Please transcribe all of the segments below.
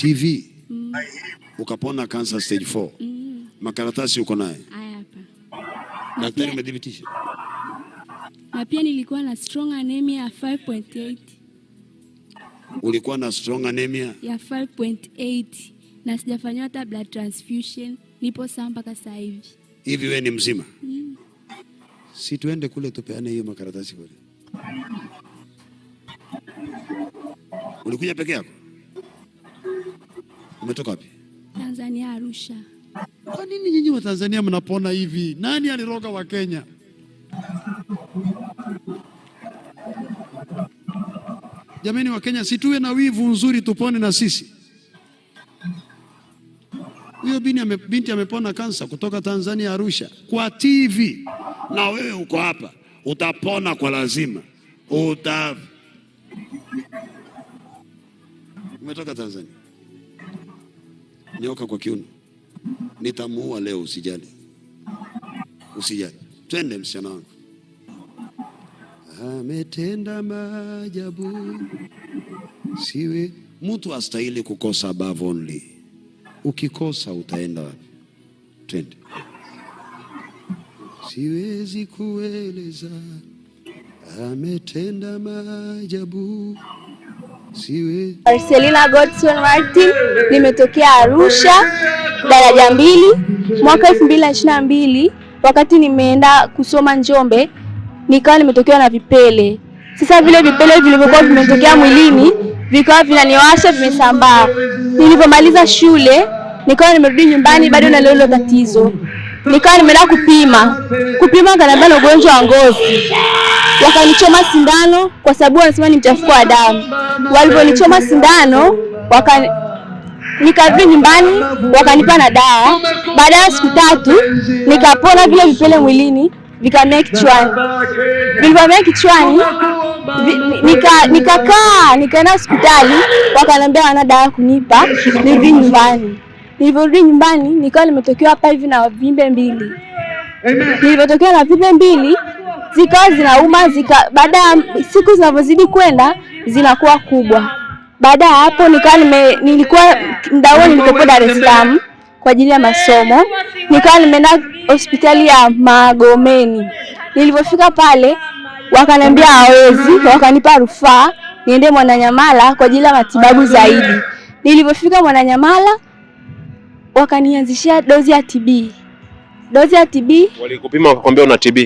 TV mm. ukapona cancer stage 4 mm. makaratasi uko naye daktari umedhibitisha. Na pia nilikuwa na strong anemia 5.8. Ulikuwa na strong anemia ya 5.8 na sijafanywa hata blood transfusion, nipo sawa mpaka sasa hivi. Hivi wewe ni mzima mm. si tuende kule tupeane hiyo makaratasi kule. Ulikuja peke yako? Umetoka wapi? Tanzania, Arusha. Kwa nini nyinyi wa Tanzania mnapona hivi? Nani aliroga wa Kenya? Jamani wa Kenya, situwe na wivu nzuri, tupone na sisi. Huyo binti amepona kansa kutoka Tanzania Arusha kwa TV, na wewe uko hapa utapona kwa lazima uta Umetoka Tanzania, nyoka kwa kiuno. Nitamuua leo, usijali, usijali. Twende msichana wangu. Ametenda maajabu, siwe mtu astahili kukosa above only. Ukikosa utaenda wapi? Twende. Siwezi kueleza ametenda maajabu Marcelina Godson Martin, nimetokea Arusha daraja mbili mwaka elfu mbili na ishirini na mbili. Wakati nimeenda kusoma Njombe nikawa nimetokewa na vipele. Sasa vile vipele vilivyokuwa vimetokea mwilini vikawa vinaniwasha, vimesambaa. Nilipomaliza shule nikawa nimerudi nyumbani bado na lolo tatizo nikawa nimeenda kupima kupima, na ugonjwa wa ngozi, wakanichoma sindano kwa sababu wanasema ni mchafuko wa damu. Walivyonichoma sindano waka nikarudi nyumbani wakanipa na dawa. Baada ya siku tatu nikapona, vile vipele mwilini vikamea kichwani, vilivyomea kichwani nikakaa nika nikaenda hospitali, wakaniambia wana dawa kunipa, nirudi nyumbani. Nilivyorudi nyumbani nikawa nimetokewa hapa hivi na vimbe mbili. Nilivyotokewa na vimbe mbili zikawa zinauma zika, baada ya siku zinavyozidi kwenda zinakuwa kubwa. Baada ya hapo nikawa nime, nilikuwa muda huo Dar es Salaam kwa ajili ya masomo, nikawa nimeenda hospitali ya Magomeni. Nilivyofika pale wakaniambia hawezi, wakanipa rufaa niende Mwananyamala kwa ajili ya matibabu zaidi. Nilivyofika Mwananyamala wakanianzishia dozi ya TB. Dozi ya TB walikupima wakakwambia una TB?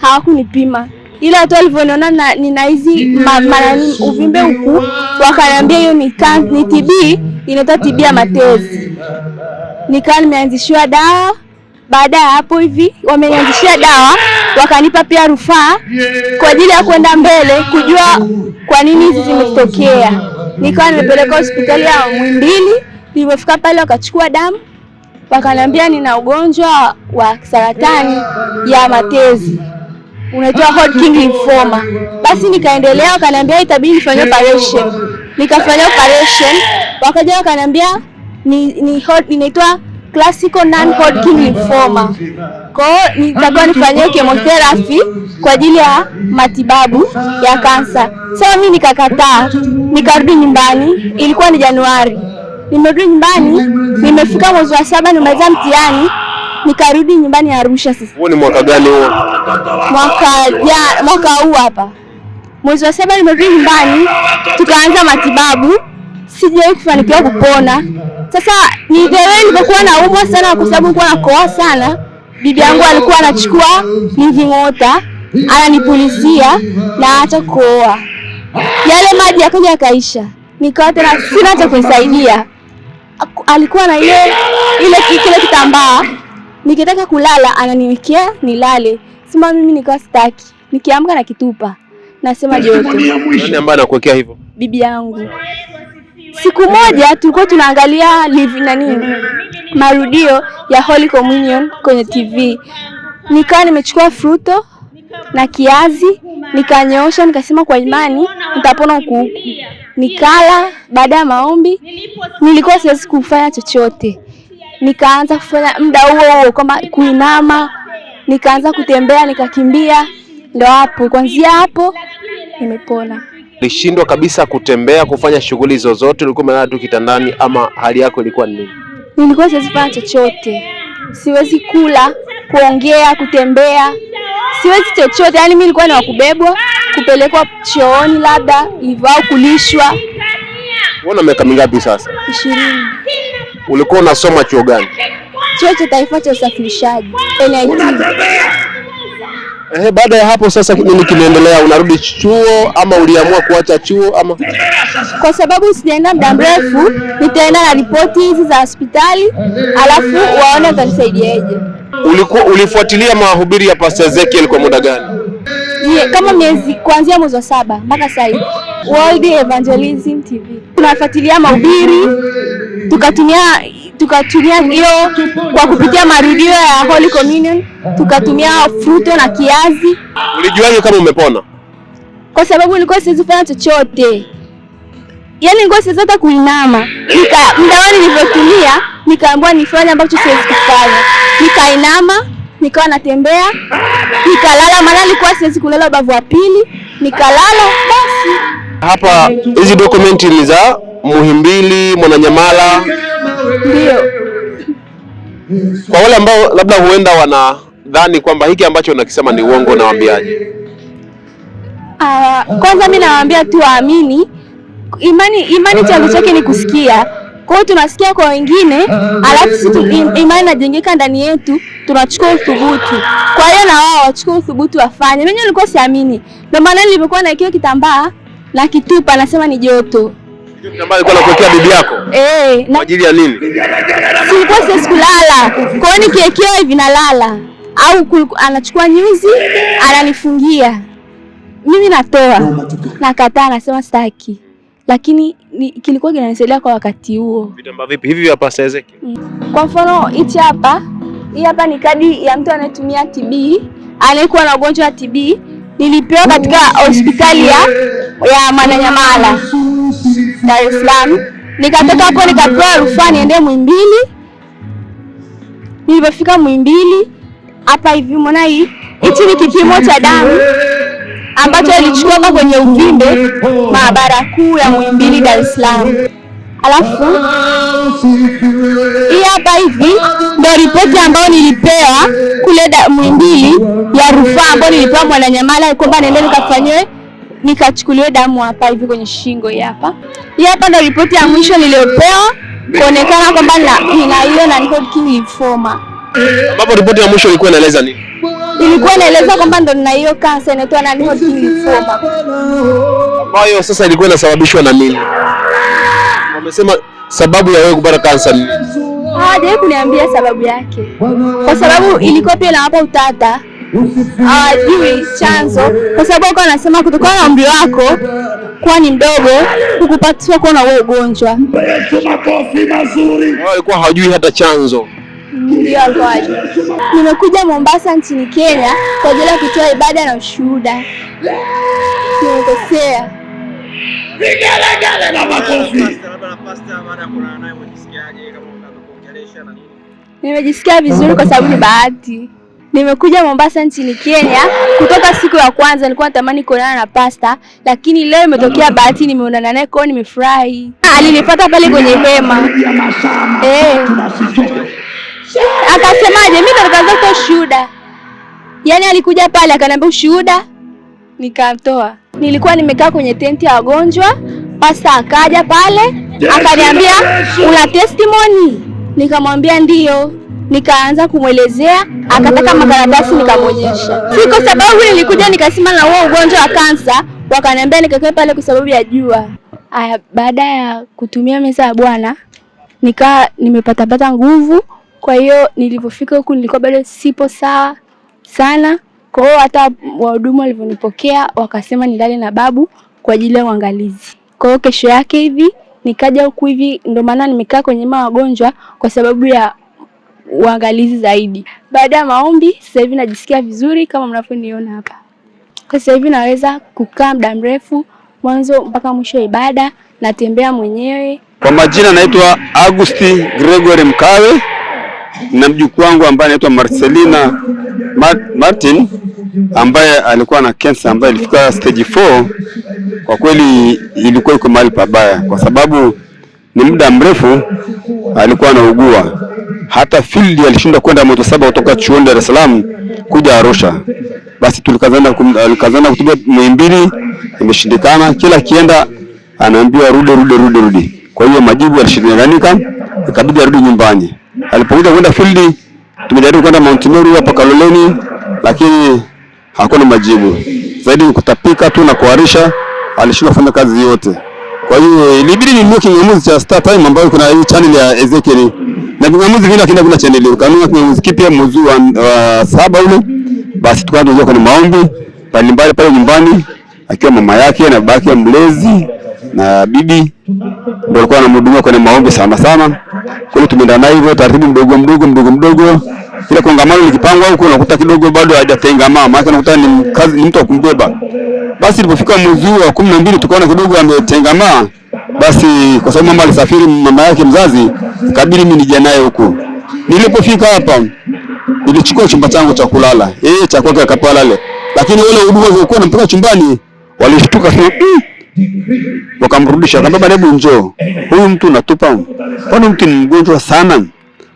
Hawakunipima, ila tu walivyoniona nina hizi ma, marani uvimbe huku, wakaniambia hiyo ni ni TB, inaitwa TB ya matezi. Nikawa nimeanzishiwa dawa. Baada ya hapo hivi wameanzishia dawa, wakanipa pia rufaa kwa ajili ya kwenda mbele kujua kwa nini hizi zimetokea. Nikawa nimepelekwa hospitali ya Muhimbili Nilipofika pale wakachukua damu wakaniambia nina ugonjwa wa saratani ya matezi unaitwa Hodgkin lymphoma. Basi nikaendelea, wakaniambia itabidi nifanye operation, nikafanya operation, wakaja wakaniambia ni, ni inaitwa classical non Hodgkin lymphoma. Kwa hiyo nitakuwa nifanyie chemotherapy kwa ajili ya matibabu ya kansa. Sasa so, mimi nikakataa, nikarudi nyumbani, ilikuwa ni Januari Nimerudi nyumbani, nimefika mwezi wa saba, nimaliza mtihani nikarudi nyumbani Arusha. Sasa huo ni mwaka gani huo? Mwaka ya mwaka huu hapa mwezi wa saba nimerudi nyumbani, tukaanza matibabu, sijawahi kufanikiwa kupona. Sasa ni nigewe, nilipokuwa naumwa sana, kwa sababu nilikuwa nakoa sana, bibi yangu alikuwa anachukua living water ananipulizia na hata kuoa, yale maji yakaja yakaisha, nikawa tena sina cha kunisaidia alikuwa na ile ile kile kitambaa, nikitaka kulala ananiwekea nilale, sima mimi nikawa sitaki, nikiamka na kitupa, nasema joto. Nani ambaye anakuwekea hivyo? Bibi yangu. Siku moja tulikuwa tunaangalia live na nini, marudio ya Holy Communion kwenye TV, nikawa nimechukua fruto na kiazi, nikanyosha nikasema kwa imani nitapona huku huku. Nikala baada ya maombi, nilikuwa siwezi kufanya chochote, nikaanza kufanya muda huo huo kwamba kuinama, nikaanza kutembea, nikakimbia. Ndo hapo kuanzia hapo nimepona. Ulishindwa kabisa kutembea, kufanya shughuli zozote? Ulikuwa umelala tu kitandani ama hali yako ilikuwa nini? Nilikuwa siwezi kufanya chochote, siwezi kula, kuongea, kutembea siwezi chochote. Yani mimi nilikuwa ni wakubebwa kupelekwa chooni labda hivyo au kulishwa. Una miaka mingapi sasa? ishirini. Ulikuwa unasoma chuo gani? Chuo cha Taifa cha Usafirishaji NIT. Eh, baada ya hapo sasa nini kimeendelea Unarudi chuo ama uliamua kuacha chuo ama? Kwa sababu sijaenda muda mrefu, nitaenda na ripoti hizi za hospitali, alafu waone watanisaidiaje. Ulikuwa ulifuatilia mahubiri ya Pastor Ezekiel kwa muda gani? Ye, kama miezi kuanzia mwezi wa saba mpaka sasa hivi. World Evangelism TV tunafuatilia mahubiri tukatumia tukatumia hiyo kwa kupitia marudio ya Holy Communion, tukatumia fruto na kiazi. Ulijuaje kama umepona? Kwa sababu nilikuwa siwezi fanya chochote, yaani nilikuwa siwezi hata kuinama. Nika muda Mdawa nilivyotumia nikaambiwa nifanye ambacho siwezi kufanya, nikainama nikawa natembea, nikalala, maana nilikuwa siwezi kulala ubavu wa pili, nikalala. Basi hapa hizi dokumenti ni za Muhimbili, Mwananyamala ndio. Kwa wale ambao labda huenda wanadhani kwamba hiki ambacho nakisema ni uongo, nawaambiaje? Uh, kwanza mi nawaambia tu waamini imani. Imani chanzo chake ni kusikia kwa hiyo tunasikia kwa wengine, alafu sisi imani inajengeka ndani yetu, tunachukua uthubutu. Kwa hiyo na wao wachukua uthubutu wafanye. Mimi nilikuwa siamini, ndio maana nilipokuwa na kile kitambaa na kitupa nasema ni joto kitu bibi yako eh, kwa ajili ya nini? Silikuwa siwezi kulala, kwa hiyo nikiwekewa hivi nalala, au anachukua nyuzi ananifungia mimi, natoa nakataa, nasema staki lakini kilikuwa kinanisaidia kwa wakati huo. vipi hivi hapa Kwa mfano hichi hapa, hii hapa ni kadi ya mtu anayetumia TB, anayekuwa na ugonjwa wa TB, nilipewa katika hospitali ya Mwananyamala Dar es Salaam. Nikatoka hapo nikapewa rufaa niende Muhimbili. Nilipofika Muhimbili hapa hivi mwana hii, hichi ni kipimo cha damu ambacho alichukua kwenye uvimbe maabara kuu ya Muhimbili Dar es Salaam. Alafu hii hapa hivi ndio ripoti ambayo nilipewa kule Muhimbili ya rufaa ambayo nilipewa Mwananyamala kwamba nende nikafanyiwe nikachukuliwe damu hapa hivi kwenye shingo hii hapa. Hii hapa ndo ripoti ya mwisho niliyopewa kuonekana kwamba nina ile non-Hodgkin lymphoma. Ambapo ripoti ya mwisho ilikuwa inaeleza nini? Ilikuwa inaeleza kwamba ndo nina hiyo kansa inaitwa non-Hodgkin lymphoma. Ambayo sasa ilikuwa inasababishwa na nini? Wamesema sababu ya wewe kupata kansa ni nini? Hawajawahi kuniambia sababu yake. Kwa sababu ilikuwa pia inawapa utata hawajui chanzo, kwa sababu kwa anasema kutokana na umri wako kuwa ni mdogo kukupatiwa kuwa na huo ugonjwa. Walikuwa hawajui hata chanzo. Ndio, nimekuja Mombasa nchini Kenya kwa ajili ya kutoa ibada na ushuhuda. Nimekosea. Vigelegele na makofi. Nimejisikia vizuri kwa sababu ni bahati. Nimekuja Mombasa nchini Kenya kutoka siku ya kwanza, nilikuwa natamani kuonana na pasta, lakini leo imetokea bahati, nimeonana naye kwao, nimefurahi. Ah, Alinifuata pale kwenye hema eh, akasemaje, mimi ndo nikaanza kutoa Yaani alikuja pale akaniambia ushuhuda, nikamtoa. Nilikuwa nimekaa kwenye tenti ya wagonjwa, pasta akaja pale akaniambia, una testimony? Nikamwambia ndio nikaanza kumwelezea, akataka makaratasi nikamwonyesha. Si kwa sababu nilikuja nikasema na wewe ugonjwa wa kansa, wakaniambia nikakae pale kwa sababu ya jua. Aya, baada ya kutumia meza ya bwana nikaa nimepatapata nguvu. Kwa hiyo nilipofika huku nilikuwa bado sipo sawa sana, kwa hiyo hata wahudumu walivyonipokea wakasema nilale na babu kwa ajili ya uangalizi. Kwa hiyo kesho yake hivi nikaja huku hivi, ndio maana nimekaa kwenye mawagonjwa kwa sababu ya uangalizi zaidi. Baada ya maombi, sasa hivi najisikia vizuri kama mnavyoniona hapa. sasa hivi naweza kukaa muda mrefu mwanzo mpaka mwisho wa ibada, natembea mwenyewe. Kwa majina naitwa Agusti Gregory Mkawe na mjukuu wangu ambaye anaitwa Marcelina Martin ambaye alikuwa na kansa ambaye ilifika stage 4. Kwa kweli ilikuwa iko mahali pabaya, kwa sababu ni muda mrefu alikuwa anaugua, hata Fili alishindwa kwenda moja saba kutoka chuoni Dar es Salaam kuja Arusha. Basi tulikazana tulikazana kutumia mbili, imeshindikana. Kila akienda anaambiwa rudi rudi rudi rudi. Kwa hiyo majibu yalishindikana, ikabidi arudi nyumbani. Alipokuja kwenda field, tumejaribu kwenda Mount Meru hapa Kaloleni, lakini hakuna majibu zaidi kutapika tu na kuharisha. Alishindwa kufanya kazi yote, kwa hiyo ilibidi ninunue kingamuzi cha Star Time ambayo kuna hii channel ya Ezekiel na kingamuzi vile kina kuna chaneli ukanua kingamuzi kipya mwezi wa uh, saba ule, basi tukawa tunajua kwa maombi mbalimbali pale nyumbani, akiwa mama yake na babake ya mlezi na bibi ndio alikuwa anamhudumia kwenye maombi sana sana. Kule tumeenda naye hivyo taratibu, mdogo mdogo mdogo mdogo, kila kongamano likipangwa huko unakuta kidogo bado hajatengamaa, maana unakuta ni kazi, ni mtu wa akumbeba basi ilipofika mwezi wa kumi na mbili tukaona kidogo ametengamaa, basi kwa sababu mama alisafiri, mama yake mzazi, ikabidi mimi nija naye huku. Nilipofika hapa nilichukua chumba changu cha kulala, yeye cha kwake akapalale, lakini wale huduma walikuwa nampaka chumbani walishtuka sema wakamrudisha, akamwambia hebu njoo, huyu mtu natupa, kwani mtu ni mgonjwa sana,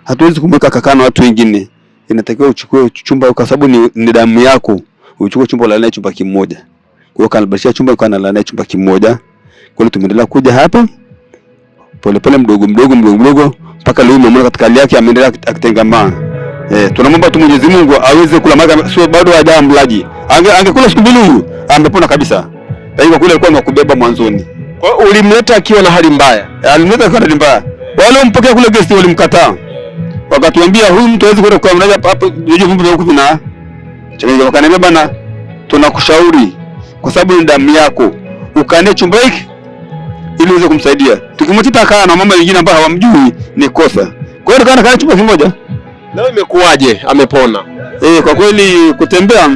hatuwezi kumweka kakana watu wengine, inatakiwa uchukue chumba kwa sababu ni, ni damu yako, uchukue chumba ulale chumba kimoja. Kwa chumba, nikawa nalala naye chumba kimoja. Kwa hiyo tumeendelea kuja hapa polepole, mdogo mdogo mdogo mdogo, mpaka leo mama katika hali yake, ameendelea akitengamaa. Eh, tunamwomba tu Mwenyezi Mungu aweze kula, maga, sio bado hajaa mlaji. Ange, angekula siku mbili huyu amepona kabisa, lakini kwa kule alikuwa amekubeba mwanzoni. Kwa hiyo ulimleta akiwa na hali mbaya, eh, alimleta akiwa na hali mbaya. Wale walimpokea kule guest walimkataa, wakatuambia huyu mtu hawezi kwenda kwa mlaji hapo, vumbi vya huku vina chakanyika, wakaniambia bana, tunakushauri kwa sababu ni damu yako, ukaende chumba hiki ili uweze kumsaidia. Tukimwachia kaa na mama wengine ambao hawamjui ni kosa. Kwa hiyo tukaenda kaa chumba kimoja. Leo imekuwaje? Amepona eh? Kwa kweli kutembea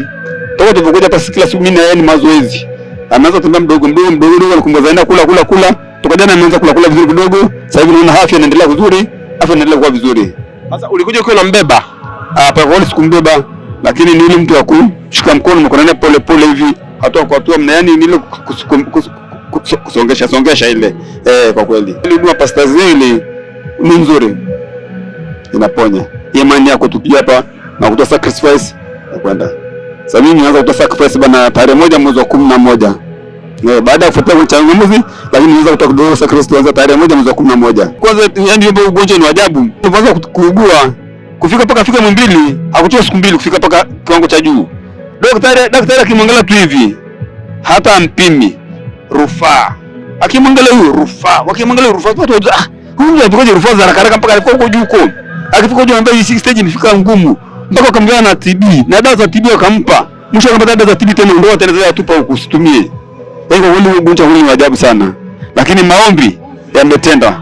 toka tulipokuja hapa kila siku mimi na yeye ni mazoezi, ameanza kutembea mdogo mdogo mdogo mdogo, alikumbuka zaenda kula kula kula, Tukaja na ameanza kula kula vizuri kidogo. Sasa hivi naona afya inaendelea vizuri, afya inaendelea kuwa vizuri. Sasa ulikuja ukiwa unambeba? Ah, pa kweli sikumbeba, lakini ni yule mtu wa kumshika mkono mkono naye pole pole hivi hatua kwa hatua, mna yani nilo kusongesha songesha ile eh. Kwa kweli ile dua pasta zili ni nzuri, inaponya imani yako. Tupia hapa na kutoa sacrifice na kwenda sasa, mimi naanza kutoa sacrifice bana tarehe moja mwezi wa kumi na moja eh, baada ya kufuata changamuzi, lakini naanza kutoa kidogo sacrifice, kwanza tarehe moja mwezi wa kumi na moja Kwanza yani ugonjwa ni ajabu, tunaanza kuugua kufika paka fika mwimbili mbili, siku mbili kufika paka kiwango cha juu. Daktari daktari akimwangalia tu hivi hata ampimi rufaa, akimwangalia huyu rufaa, wakimwangalia rufaa watu wajua, ah, huyu atakoje rufaa za haraka mpaka alikuwa huko juu huko, akifika juu anambia hii stage imefika ngumu, mpaka akamgawa na TB na dawa za TB akampa, mwisho akapata dawa za TB tena, ndio atendelea atupa huko usitumie. Kwa hiyo wewe ugonjwa huu ni wa ajabu sana, lakini maombi yametenda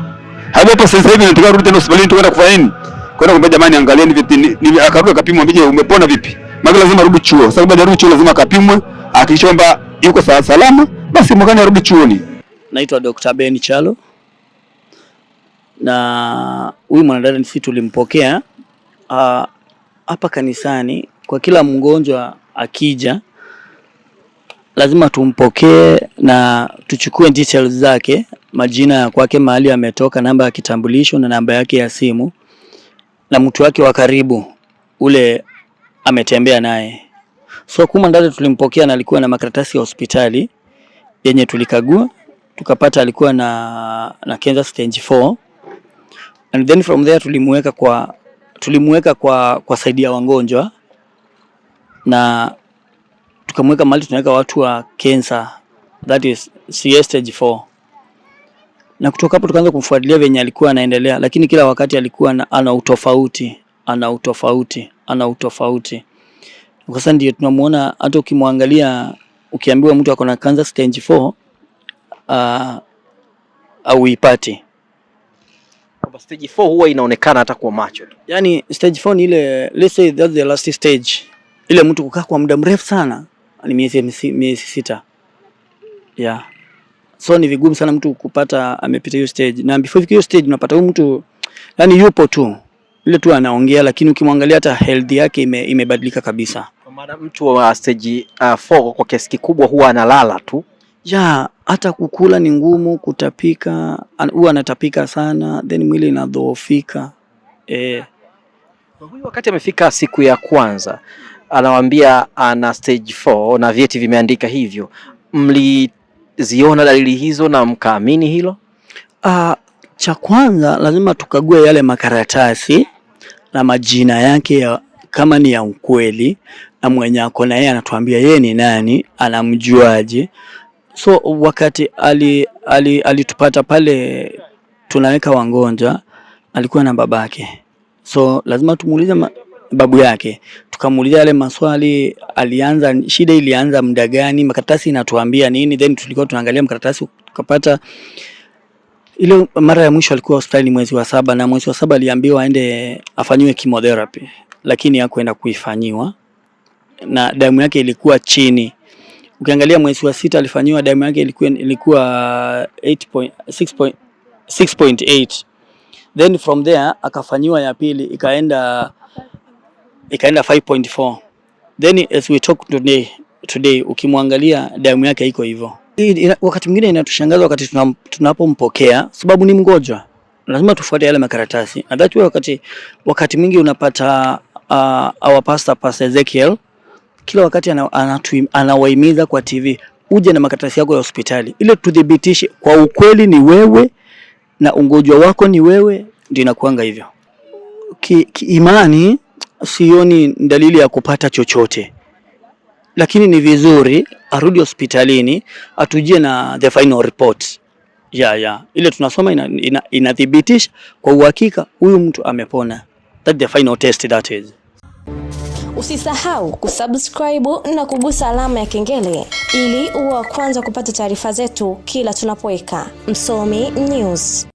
hapo. Sasa hivi nataka rudi tena hospitalini, tukaenda kufanya nini? Kwenda kumbe, jamani, angalieni vipi. Akarudi akapimwa, mbije, umepona vipi? maana lazima arudi chuo. Sababu baada ya rudi chuo lazima akapimwe, ahakikishe kwamba yuko sawa salama, basi mwakani arudi chuoni. Naitwa Dr. Ben Chalo na huyu mwanadada sisi tulimpokea ah, hapa kanisani. Kwa kila mgonjwa akija, lazima tumpokee na tuchukue details zake, majina ya kwake, mahali ametoka, namba ya kitambulisho na namba yake ya simu, na mtu wake wa karibu ule ametembea naye. So Kuma Ndala tulimpokea na alikuwa na makaratasi ya hospitali yenye tulikagua tukapata alikuwa na na cancer stage 4 and then from there tulimuweka kwa tulimweka kwa kwa saidi ya wagonjwa na tukamweka mahali tunaweka watu wa cancer that is CS stage 4 na kutoka hapo tukaanza kumfuatilia venye alikuwa anaendelea, lakini kila wakati alikuwa na, ana utofauti ana utofauti ana utofauti. sasa ndio tunamuona, hata ukimwangalia, ukiambiwa mtu ako na cancer stage 4 uh, ah, au auipati kwa stage 4 huwa inaonekana hata kwa macho tu. Yaani stage 4 ni ile let's say that's the last stage. Ile mtu kukaa kwa muda mrefu sana ni miezi miezi sita. Yeah. So ni vigumu sana mtu kupata amepita hiyo stage. Na before hiyo stage unapata huyu mtu yani yupo tu vile tu anaongea, lakini ukimwangalia hata health yake ime, imebadilika kabisa. Kwa maana mtu wa stage 4 uh, kwa kiasi kikubwa huwa analala tu ya hata kukula ni ngumu, kutapika huwa anatapika sana, then mwili inadhoofika eh. Huyu wakati amefika siku ya kwanza anawambia ana stage 4 na vyeti vimeandika hivyo, mliziona dalili hizo na mkaamini hilo? Uh, cha kwanza lazima tukague yale makaratasi na majina yake ya, kama ni ya ukweli na mwenye ako na yeye anatuambia yeye ni nani, anamjuaje. So wakati alitupata ali, alitupata pale tunaweka wangonja, alikuwa na babake, so lazima tumuulize babu yake, tukamuuliza yale maswali. Alianza shida, ilianza muda gani, makaratasi inatuambia nini? Then tulikuwa tunaangalia makaratasi, tukapata ile mara ya mwisho alikuwa hospitali mwezi wa saba, na mwezi wa saba aliambiwa aende afanyiwe chemotherapy, lakini hakuenda kuifanyiwa na damu yake ilikuwa chini. Ukiangalia mwezi wa sita alifanyiwa, damu yake ilikuwa ilikuwa 6.8 then from there akafanyiwa ya pili ikaenda ikaenda 5.4 then as we talk today, today ukimwangalia damu yake iko hivyo. Hii wakati mwingine inatushangaza wakati tunapompokea, sababu ni mgonjwa, lazima tufuate yale makaratasi. Na that way wakati, wakati mwingi unapata uh, our pastor Pastor Ezekiel kila wakati anawahimiza kwa TV uje na makaratasi yako ya hospitali ili tudhibitishe kwa ukweli ni wewe na ugonjwa wako ni wewe, ndio inakuanga hivyo. Kiimani ki sioni dalili ya kupata chochote lakini ni vizuri arudi hospitalini atujie na the final report ya ya ile tunasoma inathibitisha ina, ina kwa uhakika huyu mtu amepona. That the final test that is. Usisahau kusubscribe na kugusa alama ya kengele ili uwe wa kwanza kupata taarifa zetu kila tunapoweka Msomi News.